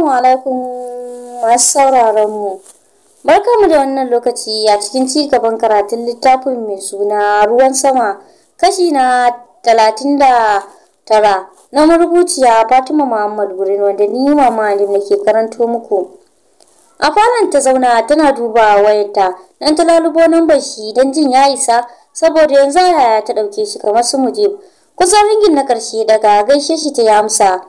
Assalamu alaikum masu sauraron mu. Barkamu da wannan lokaci a cikin ci gaban karatun littafin mai suna ruwan sama kashi na talatin da tara na marubuciya Fatima Muhammad Gurin wanda ni mama Alim nake karanto muku. A falon ta zauna tana duba wayarta dan ta lalubo nambar shi don jin ya isa saboda yanzu yaya ta ɗauke shi kamar su mujib. Kusan ringin na karshe daga gaishe shi ta yi amsa.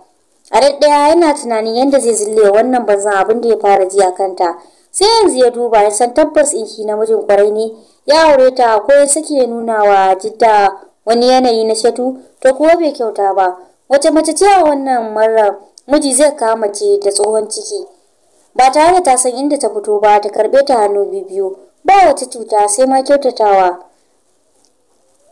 a daddaya yana tunanin yadda zai zille wannan banzan abin da ya fara ji a kanta sai yanzu ya duba ya san tabbas inki mijin kwarai ne ya aure ta ko ya sake nuna wa jidda wani yanayi na shatu to kuwa bai kyauta ba wace mace ce a wannan marar miji zai kama ce da tsohon ciki ba tare da ta san inda ta fito ba ta karbe ta hannu biyu ba wata cuta sai ma kyautatawa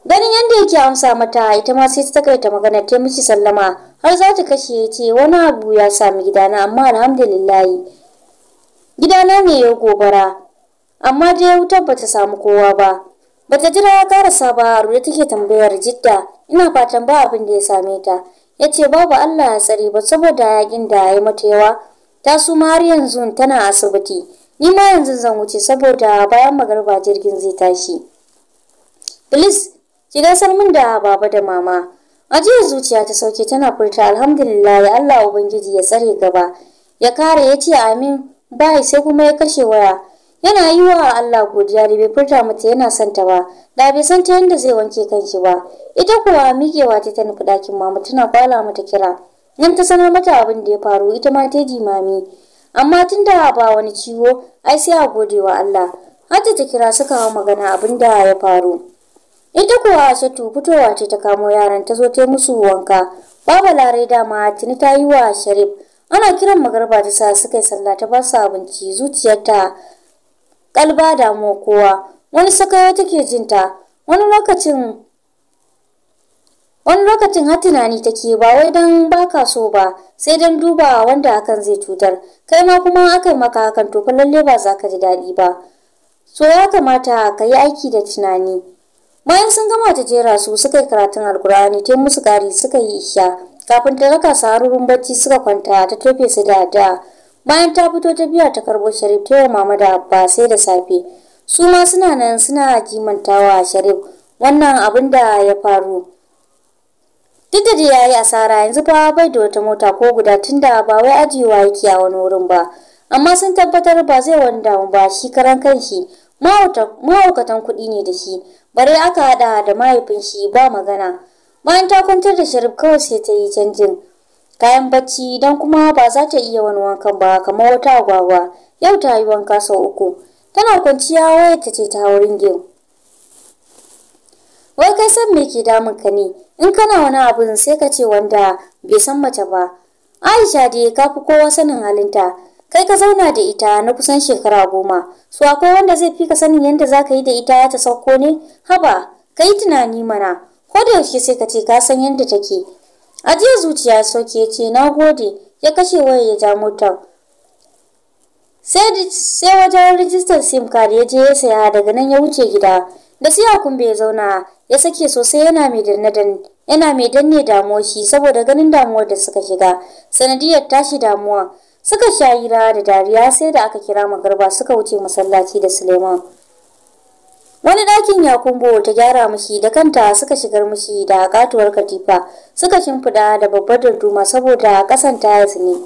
ganin yadda yake amsa mata ita ma sai ta takaita magana ta mishi sallama har za ta kashe ya ce wani abu ya sami gidana amma alhamdulillahi gidana ne ya gobara amma dai wutar bata samu kowa ba bata jira ya karasa ba ruwa take tambayar jidda ina fatan ba abin da ya same ta ya ce babu allah ya tsare ba saboda yakin da ya yi mata yawa ta su har yanzu tana asibiti ni ma yanzu zan wuce saboda bayan magarba jirgin zai tashi bilis ki gasar min da baba da mama A ajiyar zuciya ta sauke tana furta alhamdulillah ya Allah ubangiji ya tsare gaba ya kare ya ce amin bai sai kuma ya kashe waya yana yi wa Allah godiya da bai furta mata yana santa ba da bai san ta yadda zai wanke kanki ba ita kuwa miƙewa ta ta nufi ɗakin mama tana kwala mata kira nan ta sanar mata abin da ya faru ita ma ta jimami amma tun da ba wani ciwo ai sai a gode wa Allah hatta ta kira suka magana abin da ya faru ita kuwa shatu fitowa ce ta kamo yaran ta zo ta musu wanka babu larai dama tuni ta yi wa sharif ana kiran magarba ta sa suka yi sallah ta ba abinci zuciyarta kalba da mu kowa wani sakawa take jinta wani lokacin wani lokacin har tunani take ba wai dan baka so ba sai dan duba wanda hakan zai cutar kai ma kuma akai maka hakan to lalle ba za ka ji daɗi ba so ya kamata ka yi aiki da tunani bayan sun gama ta jera su suka yi karatun alkur'ani ta musu gari suka yi isha kafin ta raka su harurin bacci suka kwanta ta tofe su da da bayan ta fito ta biya ta karbo sharif ta yi mama da abba sai da safe su ma suna nan suna kimantawa sharif wannan abin da ya faru duk da ya yi asara yanzu ba bai da wata mota ko guda tunda ba wai ajiyewa yake a wani wurin ba amma sun tabbatar ba zai wani damu ba shi karan kanshi mahaukatan kuɗi ne da shi bare aka haɗa da mahaifin shi ba magana bayan ta kwantar da sharif kawai sai ta yi canjin kayan bacci don kuma ba za ta iya wani wankan ba kamar wata agwagwa yau ta yi wanka sau uku tana kwanciya wayar ta ce ta wurin gem wai kai san me ke damun ka ne in kana wani abun sai ka ce wanda bai san mace ba aisha dai ka fi kowa sanin halinta kai ka zauna da ita na kusan shekara goma su akwai wanda zai fi ka sanin yadda za ka yi da ita ta sauko ne haba ka yi tunani mana ko da yaushe sai ka ce ka san yadda take ajiya zuciya soke ce na gode ya kashe waya ya ja motar sai wajen rijistar sim card ya je ya saya daga nan ya wuce gida da ya kumbe ya zauna ya sake sosai yana mai danne yana mai danne damuwa shi saboda ganin damuwar da suka shiga sanadiyar tashi damuwa suka sha hira da dariya sai da aka kira magarba suka wuce masallaci da suleiman wani ɗakin ya ta gyara mishi da kanta suka shigar mishi da katuwar katifa suka shimfiɗa da babbar darduma saboda ƙasan tayas ne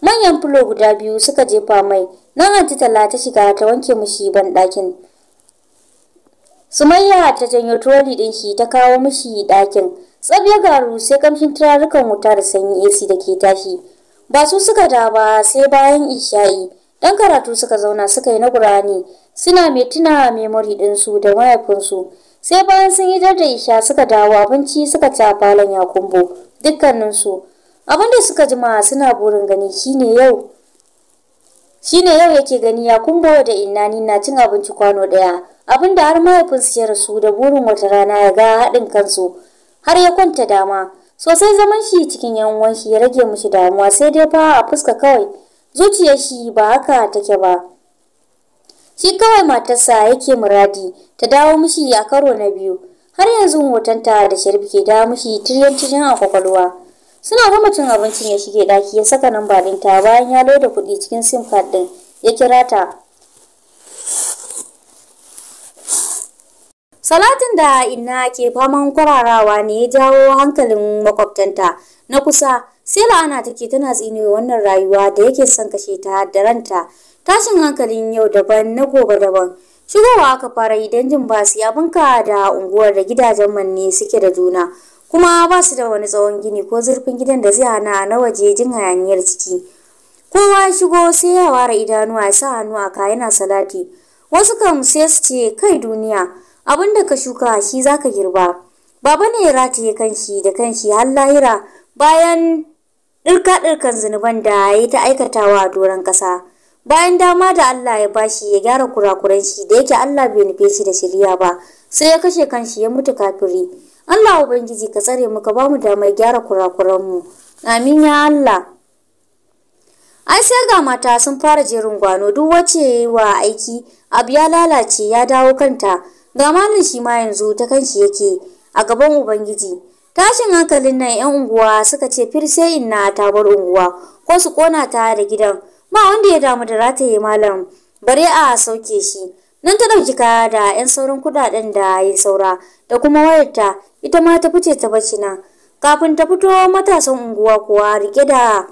manyan fulo guda biyu suka jefa mai nan anti talla ta shiga ta wanke mishi ban ɗakin sumayya ta janyo troli ɗin shi ta kawo mishi ɗakin tsab garu sai kamshin turarukan wuta da sanyi ac da ke tashi ba su suka da ba sai bayan isha'i dan karatu suka zauna suka yi na gur'ani suna mai tuna memory su da mahaifinsu sai bayan sun yi da isha suka dawo abinci suka ci a falon yakumbo dukkaninsu abin da suka jima suna burin gani shine yau shine yau yake gani ya yakumbo da innani na cin abinci kwano daya abin da har mahaifinsu ya rasu da burin wata rana ya ga haɗin kansu har ya kwanta dama sosai zaman shi cikin yan uwan shi ya rage mishi damuwa sai dai fa a fuska kawai zuciyar shi ba haka take ba shi kawai matarsa yake muradi ta dawo mishi a karo na biyu har yanzu hotonta da sharif ke dawo mishi tiryan cikin akwakwalwa suna gama cin abincin ya shige daki ya saka nan ta bayan ya loda kuɗi cikin sim card ɗin ya kira ta Salatin da ina ke faman kwararawa ne ya jawo hankalin makwabtanta na kusa sai la'ana take tana tsine wannan rayuwa da yake son kashe ta da ranta. Tashin hankalin yau daban na gobe daban. Shigowa aka fara idan jin basu ya bunka da unguwar da gidajen manne suke da juna. Kuma ba su da wani tsawon gini ko zurfin gidan da zai hana na waje jin hayaniyar ciki. Kowa ya shigo sai ya ware idanuwa ya sa hannu a yana salati. Wasu kan sai su ce kai duniya. abin da ka shuka shi za ka girba baba ne ya rataye kanshi da kanshi har lahira bayan ɗirka-ɗirkan zunuban da ya ta aikatawa a doron ƙasa bayan dama da Allah ya bashi ya gyara kurakuran shi da yake Allah bai nufe shi da shirya ba sai ya kashe kanshi ya mutu kafiri Allah ubangiji ka tsare mu ka bamu damar gyara kurakuran mu amin ya Allah ai sai ga mata sun fara jerin gwano duk wacce wa aiki abu ya lalace ya dawo kanta ga malin shi ma yanzu ta kanshi yake a gaban ubangiji tashin hankalin nan yan unguwa suka ce firse inna ta bar unguwa ko su kona ta da gidan ba wanda ya damu da rataye malam bare a sauke shi nan ta dauki kaya da yan sauran kudaden da ya saura da kuma wayarta ita ma ta fice ta bashi nan kafin ta fito matasan unguwa kuwa rike da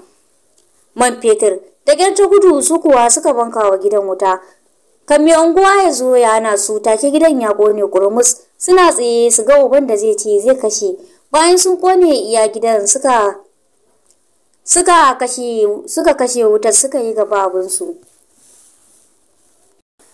man fetur da ta gudu su kuwa suka banka wa gidan wuta Kammi unguwa ya zo ya hana su take gidan ya kone kurmus suna tsaye su ga uban da zai ce zai kashe. Bayan sun kone iya gidan suka suka kashe suka kashe wutar suka yi gaba su.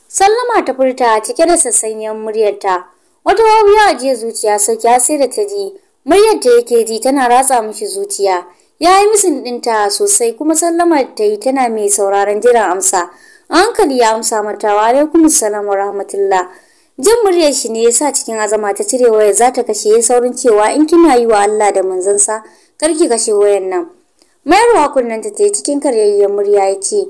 Sallama ta furta cike da sassanyen muryarta. Wata wawiya a jiya zuciya sauki sai da ta ji muryar da yake ji tana ratsa mishi zuciya. Ya yi misin ɗinta sosai kuma sallamar ta yi tana mai sauraron jiran amsa. hankali ya amsa mata wa alaikum assalam rahmatullah jin muryar shi ne yasa cikin azama ta cire waya za ta kashe ya saurin cewa in kina yi wa Allah da manzansa kar ki kashe wayar nan mayarwa kunnen ta tayi cikin karyayyen murya ya ce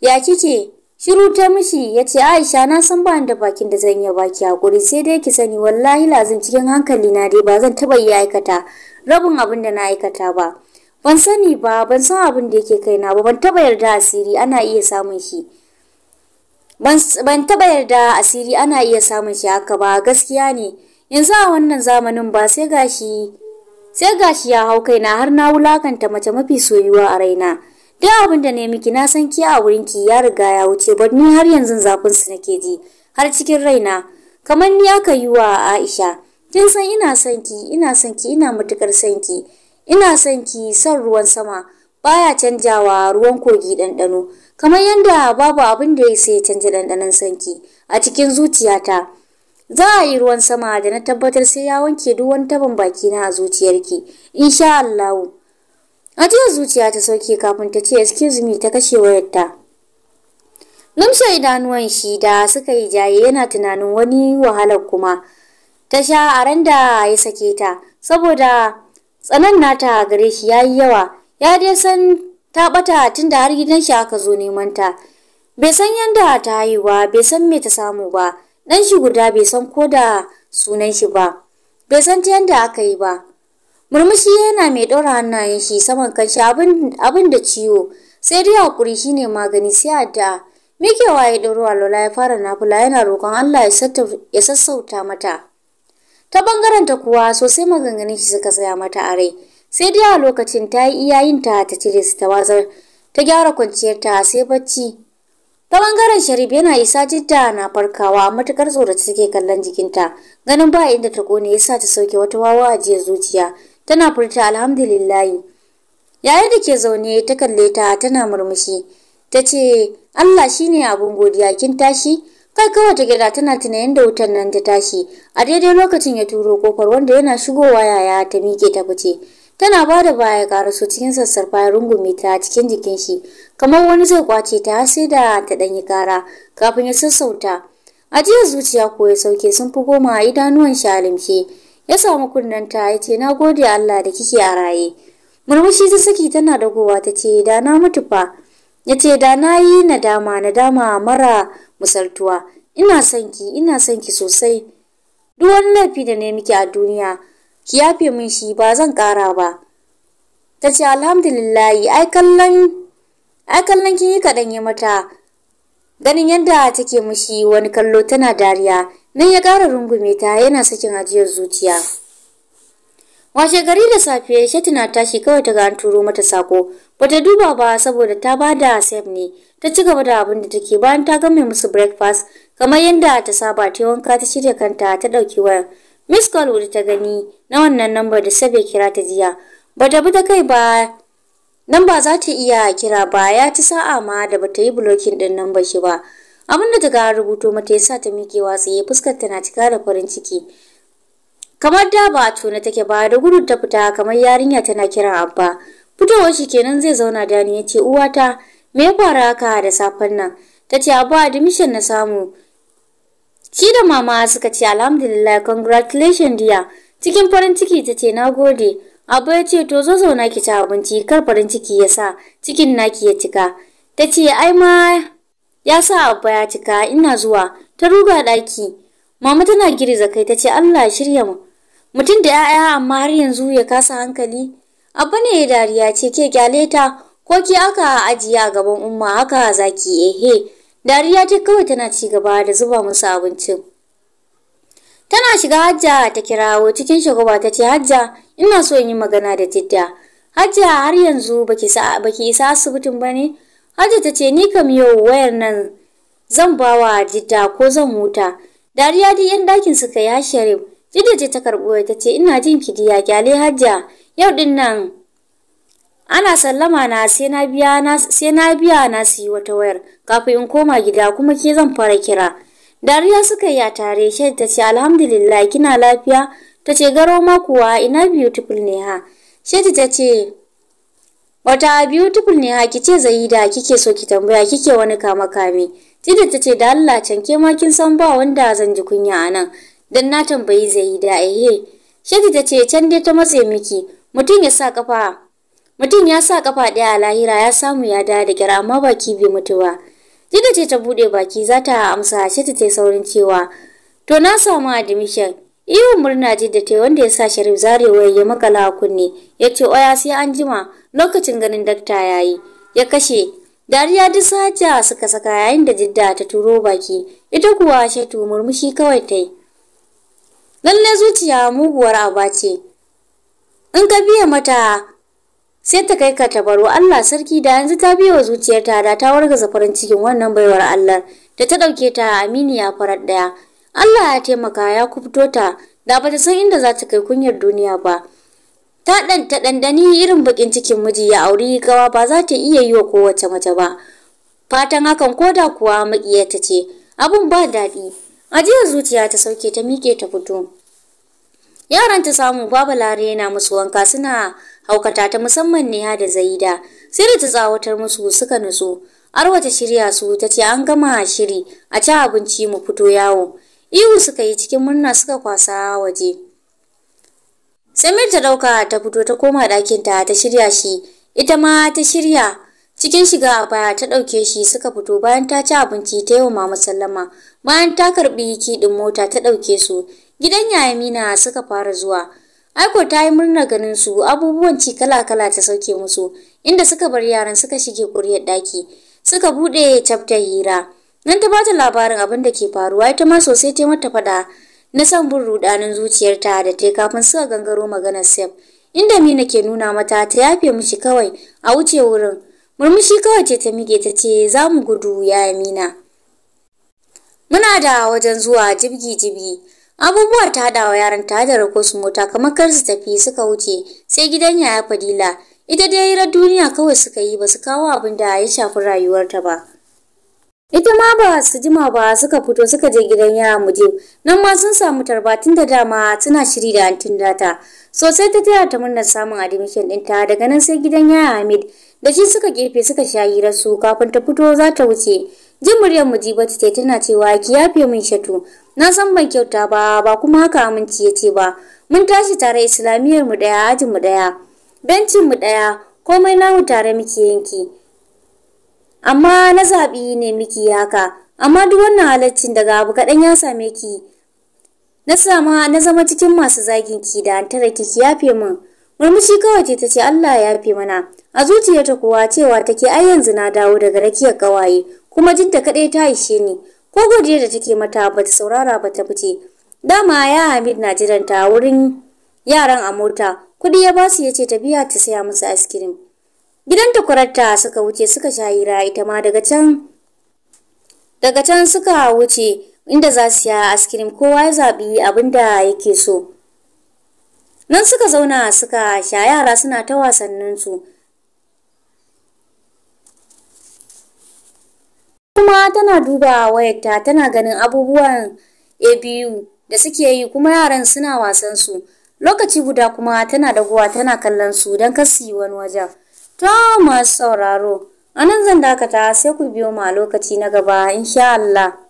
ya kike shiru ta mishi ya ce aisha na san ba da bakin da zan yi baki hakuri sai dai ki sani wallahi lazim cikin hankali na dai ba zan taɓa yi aikata rabin abin da na aikata ba ban sani ba ban san abin da yake kaina ba ban taba yarda asiri ana iya samun shi ban taba yarda asiri ana iya samun shi haka ba gaskiya ne yanzu a wannan zamanin ba sai gashi sai gashi ya hau kaina har na wulakanta mace mafi soyuwa a raina duk abin da ne miki na san ki a wurin ki ya riga ya wuce ba ni har yanzu zafin su nake ji har cikin raina kamar ni aka yi wa Aisha kin san ina son ki ina son ki ina matukar son ki ina son ki son ruwan sama baya canjawa ruwan kogi ɗanɗano kamar yadda babu abin da ya sai canja ɗanɗanon sanki a cikin zuciyata za a yi ruwan sama da na tabbatar sai ya wanke duk wani taban baki na a zuciyarki insha Allah a jiya zuciya ta sauke kafin ta ce excuse me ta kashe wayarta lamsa idanuwan shi da suka yi jaye yana tunanin wani wahalar kuma ta sha a ran da ya sake ta saboda tsanan nata gare shi ya yi yawa ya dai san ta bata tun da har gidan shi aka zo neman ta bai san yadda ta yi ba bai san me ta samu ba dan shi guda bai san ko da sunan shi ba bai san ta yadda aka yi ba murmushi yana mai ɗora hannayen shi saman kanshi abin da ciwo sai dai hakuri shine magani sai addu'a mikewa ya ɗoro Lola ya fara nafula yana roƙon Allah ya sassauta mata ta bangaren ta kuwa sosai maganganun shi suka tsaya mata a rai sai dai a lokacin ta yi iyayin ta ta cire su ta wazar ta gyara kwanciyar ta sai bacci ta bangaren sharif yana isa jidda na farkawa matukar tsoro ta take kallon jikinta ganin ba inda ta kone sa ta sauke wata wawa a jiya zuciya tana furta alhamdulillahi yayin da ke zaune ta kalle ta tana murmushi ta ce Allah shine abun godiya kin tashi kawai ta gida tana tunanin da wutar nan ta tashi a daidai lokacin ya turo kofar wanda yana shigowa yaya ta miƙe ta fice tana ba da baya karaso cikin sassarfa ya rungume ta cikin jikin shi kamar wani zai kwace ta har sai da ta yi kara kafin ya sassauta a jiya zuciya ko ya sauke sun fi goma a idanuwan shi alimshe ya samu ta ya ce na gode Allah da kike a raye murmushi ta saki tana dagowa ta ce da na mutu fa ya ce da na yi nadama nadama mara Musaltuwa. ina son ki ina son ki sosai duk wani laifi da ne miki a duniya ki yafe min shi ba zan ƙara ba ta ce alhamdulillahi ai kallon ai kallon kin yi kaɗan ya mata ganin yadda take mishi wani kallo tana dariya nan ya ƙara rungume ta yana sakin ajiyar zuciya washe gari da safe shatina tashi kawai ta ga an turo mata sako Bata duba ba saboda ta ba da ne. Ta ci gaba da abin da take bayan ta gama musu breakfast kamar yadda ta saba ta wanka ta shirya kanta ta ɗauki wayar. Miss Colwood ta gani na wannan lambar da Sabe kira ta jiya. Bata bi ta kai ba nan za ta iya kira ba ya ci sa'a ma da bata yi blocking din nan shi ba. Abin da ta ga rubuto mata yasa ta miƙe watsaye fuskar ta na cika da farin ciki. Kamar da ba tona take ba da gudun ta fita kamar yarinya tana kiran abba. fitowar shi kenan zai zauna dani ya ce uwata me ya fara haka da safen nan ta ce abu admission na samu shi da mama suka ce alhamdulillah congratulations dear cikin farin ciki ta ce na gode abu ya ce to zo zauna ki ci abinci kar farin ciki ya sa cikin naki ya cika ta ce ai ma ya sa abu ya cika ina zuwa ta ruga ɗaki mama tana girza kai ta ce allah shirya mu mutum da 'ya'ya amma har yanzu ya kasa hankali abu ne dariya ce ke kyale ta ko ki aka ajiye a gaban umma haka zaki ehe. Dariya ce kawai tana ci gaba da zuba musu abincin. Tana shiga Hajja ta kirawo cikin shagaba ta ce Hajja ina so in yi magana da Tidda. Hajja har yanzu baki isa asibitin ba ne? Hajja ta ce ni kam yau wayar nan zan bawa Jidda ko zan huta. Dariya dai yan dakin suka ya Sharif. Jidda ce ta karɓo ta ce ina jin kidiya gyale Hajja. yau din nan ana sallama na sai na biya na sai su yi wata wayar kafin in koma gida kuma ke zan fara kira dariya suka yi a tare shi ta ce alhamdulillah kina lafiya ta ce garo ma kuwa ina beautiful ne ha shi ta ce wata beautiful ne ha kice zaida kike so ki tambaya kike wani kama kame tinda ta ce da Allah can ke ma kin san ba wanda zan ji kunya anan dan na tambayi zaida ehe shi ta ce can dai ta matse miki mutum ya sa kafa mutum ya sa kafa ɗaya a lahira ya samu ya da da kyar amma baki bai mutu ba jida ce ta bude baki za ta amsa ce ta saurin cewa to na samu admission ihun murna ji da ta wanda ya sa Sharif zarewa ya makala a kunne, ya ce oya sai an jima lokacin ganin dakta ya yi, ya kashe. Dariya duk saja suka saka yayin da jidda ta turo baki, ita kuwa shatu murmushi kawai ta yi. Lallai zuciya muguwar aba ce, in ka biya mata sai ta kai ka tabaro Allah sarki da yanzu ta biya wa zuciyarta da ta wargaza farin cikin wannan baiwar Allah da ta ɗauke ta aminiya farar ɗaya Allah ya taimaka ya kubuto ta da bata san inda za ta kai kunyar duniya ba ta ɗan ta ɗanɗani irin bakin cikin miji ya auri gawa ba za ta iya yi wa kowace mace ba fatan hakan ko da kuwa maƙiyarta ce abun ba daɗi ajiyar zuciya ta sauke ta miƙe ta fito Yaran ta samu babu lare yana musu wanka suna haukata ta musamman ne da Zaida. Sai da ta tsawatar musu suka nutsu. Arwa ta shirya su ta ce an gama shiri a ci abinci mu fito yawo. Ihu suka yi cikin murna suka kwasa waje. Samir ta dauka ta fito ta koma ɗakinta ta shirya shi. Ita ma ta shirya. cikin shiga a baya ta ɗauke shi suka fito bayan ta ci abinci ta yi wa mama sallama bayan ta karɓi kiɗin mota ta ɗauke su Gidan yaya Mina suka fara zuwa. Aiko ta yi murnar ganin su abubuwan ci kala-kala ta sauke musu, inda suka bar yaran suka shige ƙuryar ɗaki, suka buɗe tsaftar hira. Nan ta bata labarin abin da ke faruwa ita ma sosai ta mata faɗa na san bin rudanin zuciyarta da ta kafin suka gangaro maganar Sef. Inda Mina ke nuna mata ta yafe mishi kawai a wuce wurin. Murmushi kawai ce ta mige ta ce za mu gudu ya Mina. Muna da wajen zuwa jibgi-jibgi. abubuwa ta hada wa yaran ta da rako su mota kamar kar su tafi suka wuce sai gidan yaya fadila ita dai hirar duniya kawai suka yi ba su kawo abin da ya shafi rayuwarta ba ita ma ba su jima ba suka fito suka je gidan yaya muje nan ma sun samu tarba tun da dama suna shiri da antin data sosai ta taya ta murnar samun admission ɗinta daga nan sai gidan yaya hamid da shi suka gefe suka sha hirar su kafin ta fito za ta wuce jin muryar mujibatu ce tana cewa ki yafe min shatu na san ban kyauta ba ba kuma haka aminci ya ce ba mun tashi tare islamiyyar mu daya ajin mu daya bencin mu daya komai namu tare muke yanki amma na zaɓi ne miki haka amma duk wannan halaccin daga abu kaɗan ya same ki na sama na zama cikin masu zagin ki da an tara ki yafe min murmushi kawai ce tace Allah ya yafe mana a zuciyarta kuwa cewa take ai yanzu na dawo daga rakiyar kawaye kuma jinta kaɗai ta ishe ni ko godiya da take mata ba ta saurara ba ta fice dama ya hamid na jiran ta wurin yaran a mota kudi ya basu ya ce ta biya ta saya musu askirim gidan takwararta suka wuce suka sha hira ita ma daga can daga can suka wuce inda za su ya askirim kowa ya zaɓi abinda da yake so nan suka zauna suka sha yara suna ta wasanninsu kuma tana duba wayarta tana ganin abubuwan abu da suke yi kuma yaran suna wasan su lokaci guda kuma tana daguwa tana kallon su don kasi wani wajen to masu sauraro anan zan dakata sai ku biyo ma lokaci na gaba insha Allah